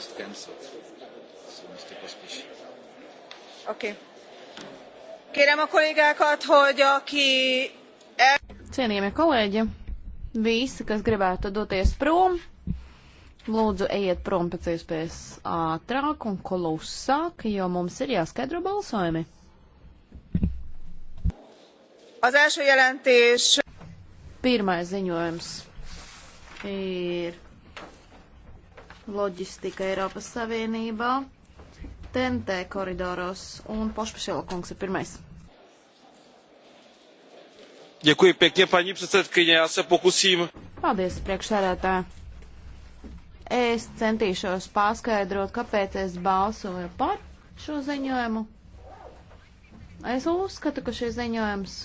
just cancelled. So Mr. Pospíš. Okay. Kérem a kollégákat, hogy aki... El... Cienījamie kolēģi, visi, kas gribētu doties prom, lūdzu ejiet prom pēc iespējas ātrāk un klusāk, jo mums ir jāskaidro balsojumi. Az első jelentés. Pirmais ziņojums ir loģistika Eiropas Savienībā, TNT koridoros un Pošpašela kungs ir pirmais. Děkuji pěkně, paní předsedkyně, já se pokusím. Paldies, priekšsēdētā. Es centīšos paskaidrot, kāpēc es balsoju par šo ziņojumu. Es uzskatu, ka šis ziņojums